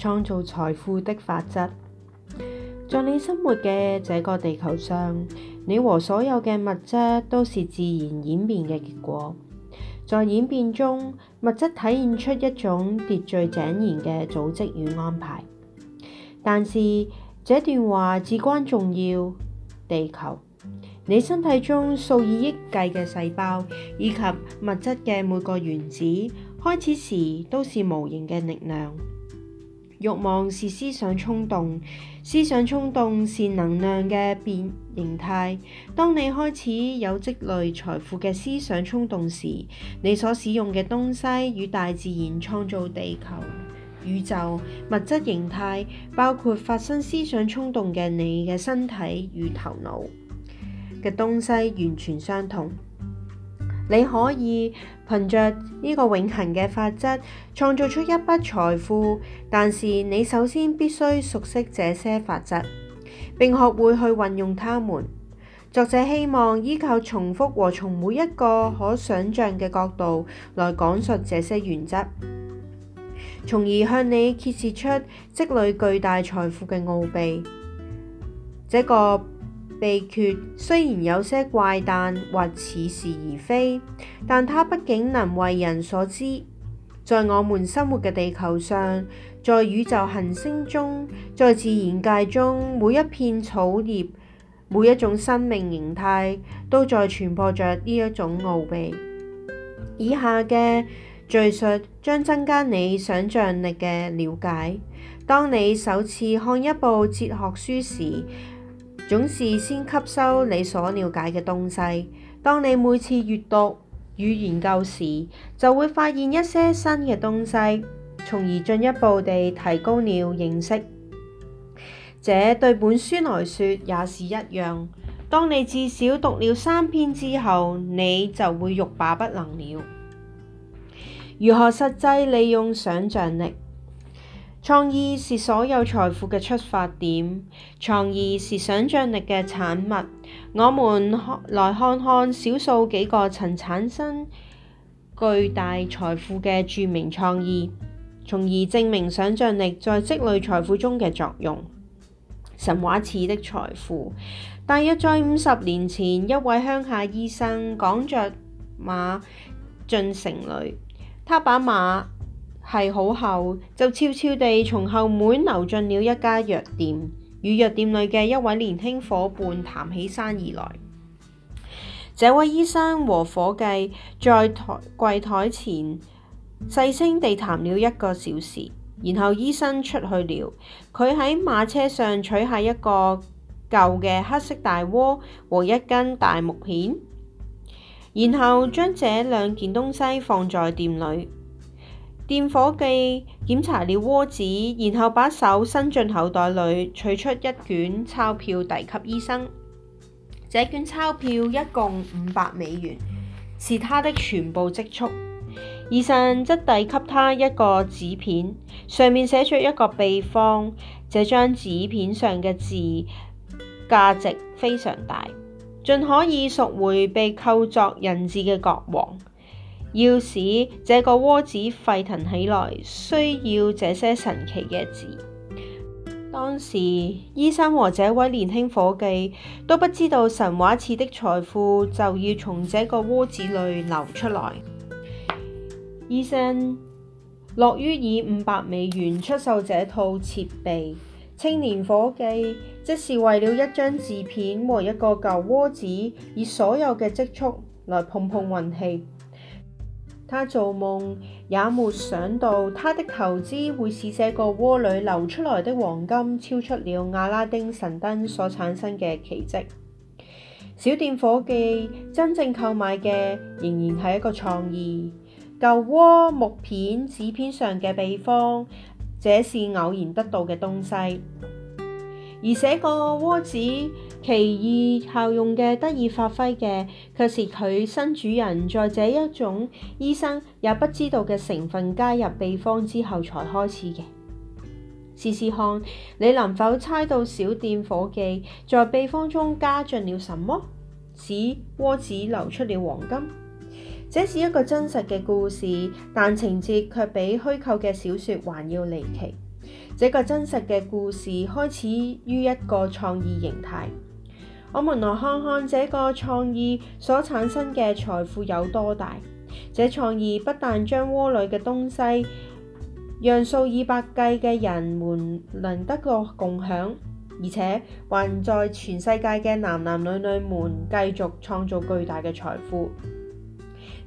創造財富的法則。在你生活嘅這個地球上，你和所有嘅物質都是自然演變嘅結果。在演變中，物質體現出一種秩序井然嘅組織與安排。但是，這段話至關重要。地球，你身體中數以億計嘅細胞，以及物質嘅每個原子，開始時都是無形嘅力量。欲望是思想衝動，思想衝動是能量嘅變形態。當你開始有積累財富嘅思想衝動時，你所使用嘅東西與大自然創造地球、宇宙、物質形態，包括發生思想衝動嘅你嘅身體與頭腦嘅東西完全相同。你可以憑着呢個永恒嘅法則創造出一筆財富，但是你首先必須熟悉這些法則，並學會去運用它們。作者希望依靠重複和從每一個可想象嘅角度來講述這些原則，從而向你揭示出積累巨大財富嘅奧秘。這個。秘訣雖然有些怪誕或似是而非，但它畢竟能為人所知。在我們生活嘅地球上，在宇宙行星中，在自然界中，每一片草葉、每一種生命形態，都在傳播着呢一種奧秘。以下嘅敍述將增加你想像力嘅了解。當你首次看一部哲學書時，總是先吸收你所了解嘅東西。當你每次閱讀與研究時，就會發現一些新嘅東西，從而進一步地提高了認識。這對本書來說也是一樣。當你至少讀了三篇之後，你就會欲罷不能了。如何實際利用想像力？創意是所有財富嘅出發點，創意是想像力嘅產物。我們看來看看少數幾個曾產生巨大財富嘅著名創意，從而證明想像力在積累財富中嘅作用。神話似的財富，大約在五十年前，一位鄉下醫生趕着馬進城裏，他把馬繫好後，就悄悄地從後門溜進了一家藥店，與藥店裏嘅一位年輕夥伴談起生意來。這位醫生和夥計在台，櫃台前細聲地談了一個小時，然後醫生出去了。佢喺馬車上取下一個舊嘅黑色大鍋和一根大木片，然後將這兩件東西放在店裏。電伙計檢查了窩子，然後把手伸進口袋裏，取出一卷鈔票遞給醫生。這卷鈔票一共五百美元，是他的全部積蓄。醫生則遞給他一個紙片，上面寫著一個秘方。這張紙片上嘅字價值非常大，盡可以贖回被扣作人質嘅國王。要使這個窩子沸騰起來，需要這些神奇嘅字。當時醫生和這位年輕夥計都不知道神話似的財富就要從這個窩子裏流出來。醫生樂於以五百美元出售這套設備，青年夥計即是為了一張字片和一個舊窩子，以所有嘅積蓄來碰碰運氣。他做夢也沒想到，他的投資會使這個鍋裏流出來的黃金，超出了阿拉丁神燈所產生嘅奇跡。小店伙計真正購買嘅，仍然係一個創意，舊鍋木片紙片上嘅秘方，這是偶然得到嘅東西，而且個鍋子。其二效用嘅得以發揮嘅，卻是佢新主人在這一種醫生也不知道嘅成分加入秘方之後才開始嘅。試試看你能否猜到小店伙計在秘方中加進了什麼，使鍋子流出了黃金。這是一個真實嘅故事，但情節卻比虛構嘅小說還要離奇。這個真實嘅故事開始於一個創意形態。我們來看看這個創意所產生嘅財富有多大。這創意不但將鍋裏嘅東西讓數以百計嘅人們能得個共享，而且還在全世界嘅男男女女們繼續創造巨大嘅財富。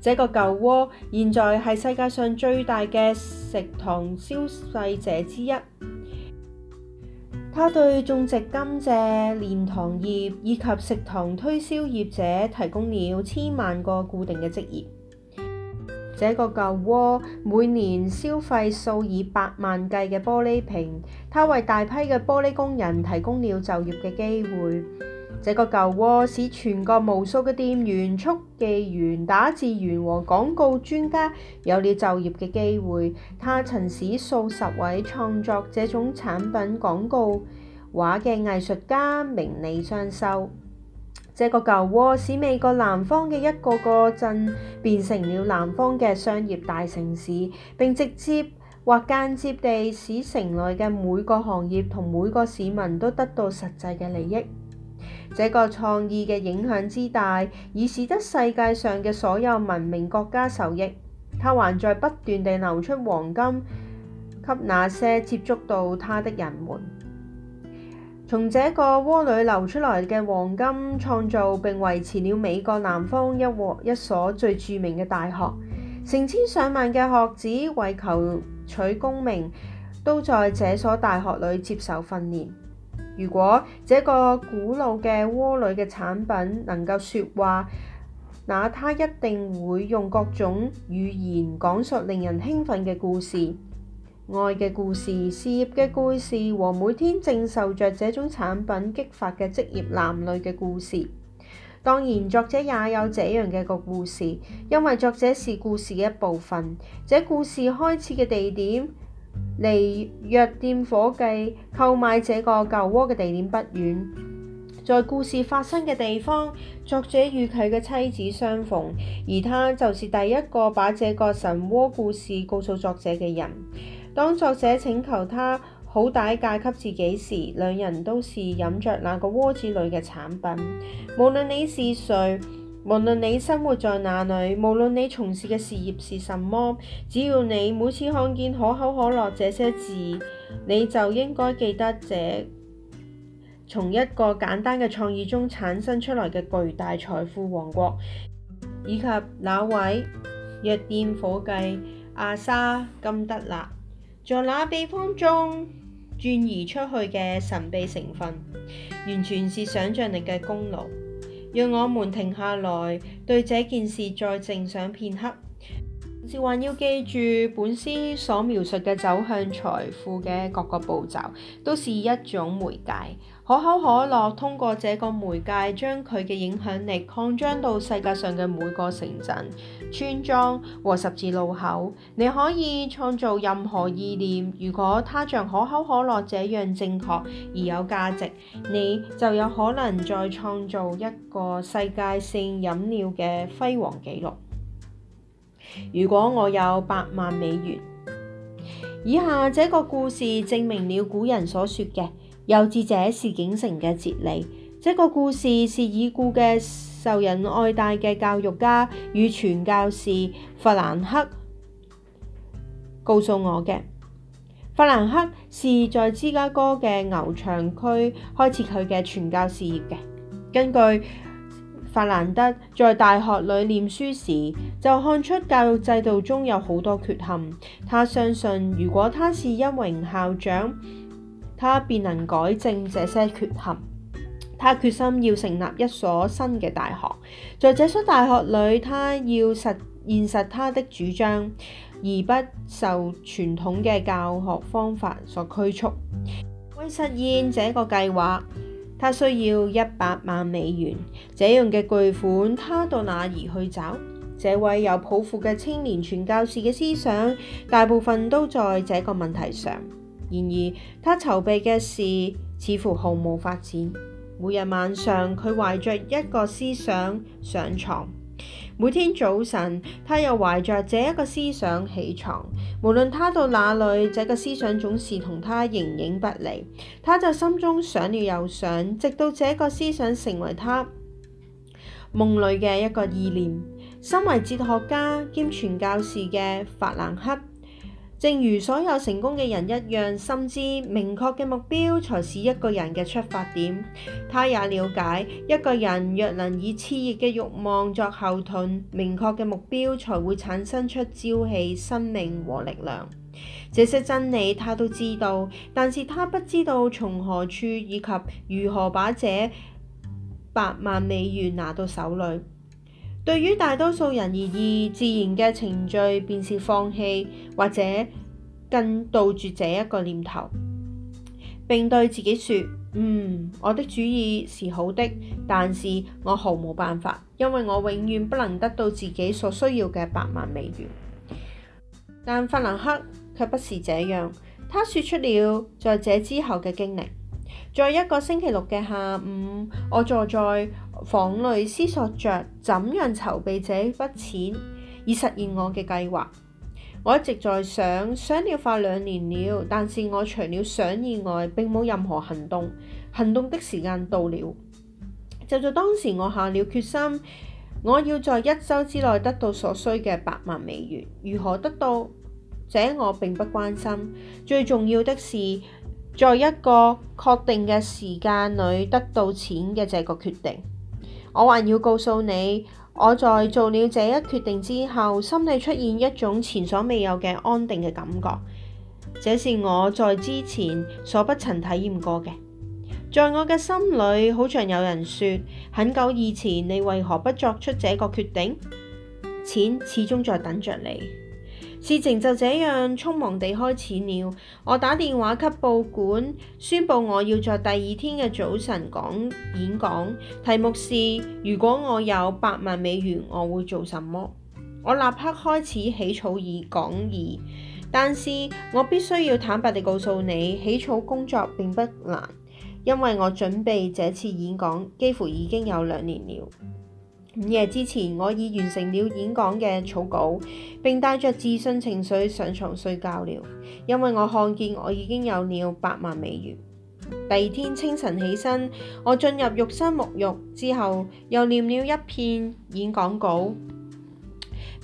這個舊鍋現在係世界上最大嘅食糖消費者之一。他對種植甘蔗、煉糖業以及食糖推銷業者提供了千萬個固定嘅職業。這個舊窩每年消費數以百萬計嘅玻璃瓶，他為大批嘅玻璃工人提供了就業嘅機會。這個舊窩使全國無數嘅店員、速記員、打字員和廣告專家有了就業嘅機會。他曾使數十位創作這種產品廣告畫嘅藝術家名利雙收。這個舊窩使美國南方嘅一個個鎮變成了南方嘅商業大城市，並直接或間接地使城內嘅每個行業同每個市民都得到實際嘅利益。這個創意嘅影響之大，已使得世界上嘅所有文明國家受益。他還在不斷地流出黃金，給那些接觸到他的人們。從這個窩裏流出來嘅黃金，創造並維持了美國南方一一所最著名嘅大學。成千上萬嘅學子為求取功名，都在這所大學裏接受訓練。如果這個古老嘅鍋裏嘅產品能夠說話，那它一定會用各種語言講述令人興奮嘅故事，愛嘅故事、事業嘅故事和每天正受着這種產品激發嘅職業男女嘅故事。當然，作者也有這樣嘅一個故事，因為作者是故事嘅一部分。這故事開始嘅地點。離藥店夥計購買這個舊窩嘅地點不遠，在故事發生嘅地方，作者與佢嘅妻子相逢，而他就是第一個把這個神窩故事告訴作者嘅人。當作者請求他好歹嫁給自己時，兩人都是飲着那個窩子裏嘅產品。無論你是誰。無論你生活在哪裏，無論你從事嘅事業是什麼，只要你每次看見可口可樂這些字，你就應該記得這從一個簡單嘅創意中產生出來嘅巨大財富王國，以及那位藥店伙計阿莎·金德納，在那秘方中轉移出去嘅神秘成分，完全是想象力嘅功勞。讓我們停下來，對這件事再靜想片刻。還要記住本詩所描述嘅走向財富嘅各個步驟，都係一種媒介。可口可樂通過這個媒介，將佢嘅影響力擴張到世界上嘅每個城鎮、村莊和十字路口。你可以創造任何意念，如果它像可口可樂這樣正確而有價值，你就有可能再創造一個世界性飲料嘅輝煌紀錄。如果我有百萬美元，以下這個故事證明了古人所說嘅有志者事竟成嘅哲理。這個故事是已故嘅受人愛戴嘅教育家與傳教士弗蘭克告訴我嘅。弗蘭克是在芝加哥嘅牛場區開設佢嘅傳教事業嘅。根據法蘭德在大學裏念書時，就看出教育制度中有好多缺陷。他相信，如果他是一名校長，他便能改正這些缺陷。他決心要成立一所新嘅大學，在這所大學裏，他要實現實他的主張，而不受傳統嘅教學方法所拘束。為實現這個計劃，他需要一百萬美元，這樣嘅巨款，他到哪兒去找？這位有抱負嘅青年傳教士嘅思想，大部分都在這個問題上。然而，他籌備嘅事似乎毫無發展。每日晚上，佢懷着一個思想上床。每天早晨，他又懷着這一個思想起床。無論他到哪裏，這個思想總是同他形影不離。他就心中想了又想，直到這個思想成為他夢裏嘅一個意念。身為哲學家兼傳教士嘅法蘭克。正如所有成功嘅人一樣，深知明確嘅目標才是一個人嘅出發點。他也了解，一個人若能以熾熱嘅慾望作後盾，明確嘅目標才會產生出朝氣、生命和力量。這些真理他都知道，但是他不知道從何處以及如何把這百萬美元拿到手裏。對於大多數人而言，自然嘅程序便是放棄或者更杜住這一個念頭，並對自己説：嗯，我的主意是好的，但是我毫無辦法，因為我永遠不能得到自己所需要嘅百萬美元。但法蘭克卻不是這樣，他說出了在、就是、這之後嘅經歷。在一個星期六嘅下午，我坐在房內思索着怎樣籌備這筆錢以實現我嘅計劃。我一直在想，想了快兩年了，但是我除了想以外並冇任何行動。行動的時間到了，就在當時我下了決心，我要在一周之內得到所需嘅百萬美元。如何得到，這我並不關心。最重要的是，在一個確定嘅時間裏得到錢嘅這個決定。我還要告訴你,我在做了這一決定之後，心裏出現一種前所未有嘅安定嘅感覺，這是我在之前所不曾體驗過嘅。在我嘅心裏，好像有人說，很久以前你為何不作出這個決定？錢始終在等着你。事情就這樣匆忙地開始了。我打電話給報館，宣佈我要在第二天嘅早晨講演講，題目是：如果我有百萬美元，我會做什麼？我立刻開始起草以講義，但是我必須要坦白地告訴你，起草工作並不難，因為我準備這次演講幾乎已經有兩年了。午夜之前，我已完成了演講嘅草稿，並帶着自信情緒上床睡覺了。因為我看見我已經有了百萬美元。第二天清晨起身，我進入浴室沐浴之後，又念了一遍演講稿，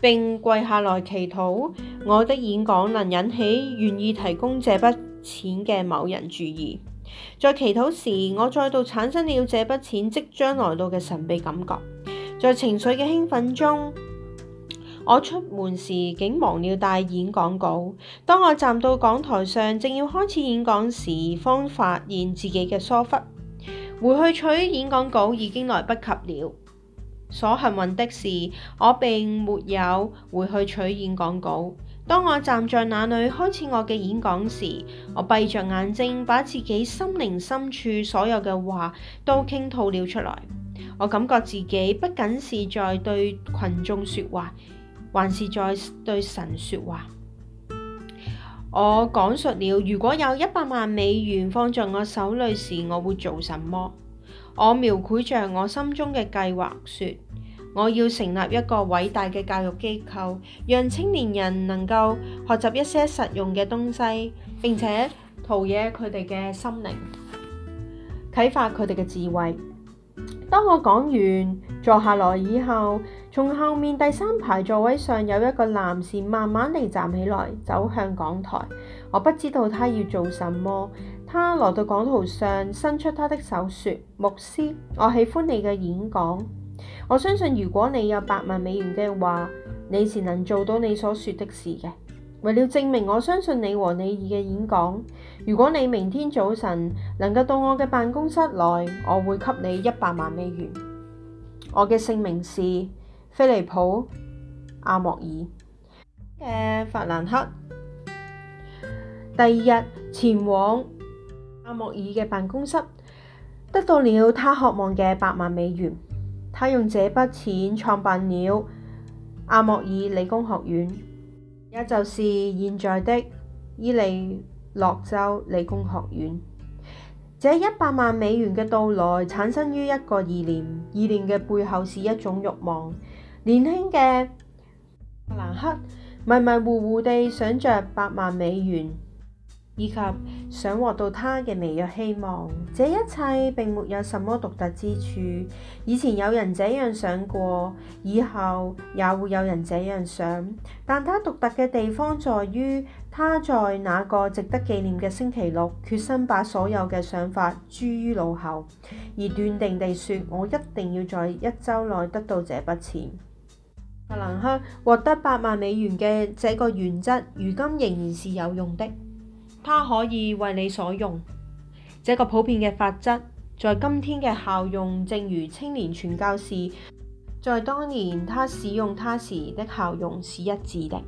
並跪下來祈禱我的演講能引起願意提供這筆錢嘅某人注意。在祈禱時，我再度產生了這筆錢即將來到嘅神秘感覺。在情緒嘅興奮中，我出門時竟忘了帶演講稿。當我站到講台上，正要開始演講時，方發現自己嘅疏忽。回去取演講稿已經來不及了。所幸運的是，我並沒有回去取演講稿。當我站在那裏開始我嘅演講時，我閉着眼睛，把自己心靈深處所有嘅話都傾吐了出來。我感覺自己不僅是在對群眾說話，還是在對神說話。我講述了如果有一百萬美元放在我手裏時，我會做什麼。我描繪着我心中嘅計劃，說我要成立一個偉大嘅教育機構，讓青年人能夠學習一些實用嘅東西，並且陶冶佢哋嘅心靈，啟發佢哋嘅智慧。當我講完坐下來以後，從後面第三排座位上有一個男士慢慢地站起來，走向講台。我不知道他要做什麼。他來到講台上，伸出他的手說：牧師，我喜歡你嘅演講。我相信如果你有百萬美元嘅話，你是能做到你所說的事嘅。為了證明我相信你和你爾嘅演講，如果你明天早晨能夠到我嘅辦公室來，我會給你一百萬美元。我嘅姓名是菲利普·阿莫爾嘅法蘭克。第二日前往阿莫爾嘅辦公室，得到了他渴望嘅百萬美元。他用這筆錢創辦了阿莫爾理工學院。也就是現在的伊利諾州理工學院，這一百萬美元嘅到來產生於一個意念，意念嘅背後是一種慾望。年輕嘅弗蘭克迷迷糊糊糊地想着百萬美元。以及想獲到他嘅微弱希望，這一切並沒有什麼獨特之處。以前有人這樣想過，以後也會有人這樣想。但他獨特嘅地方在於，他在那個值得紀念嘅星期六，決心把所有嘅想法諸於腦後，而斷定地說：我一定要在一周內得到這筆錢。弗蘭克獲得百萬美元嘅這個原則，如今仍然是有用的。它可以為你所用，這個普遍嘅法則，在今天嘅效用，正如青年傳教士在當年他使用它時的效用是一致的。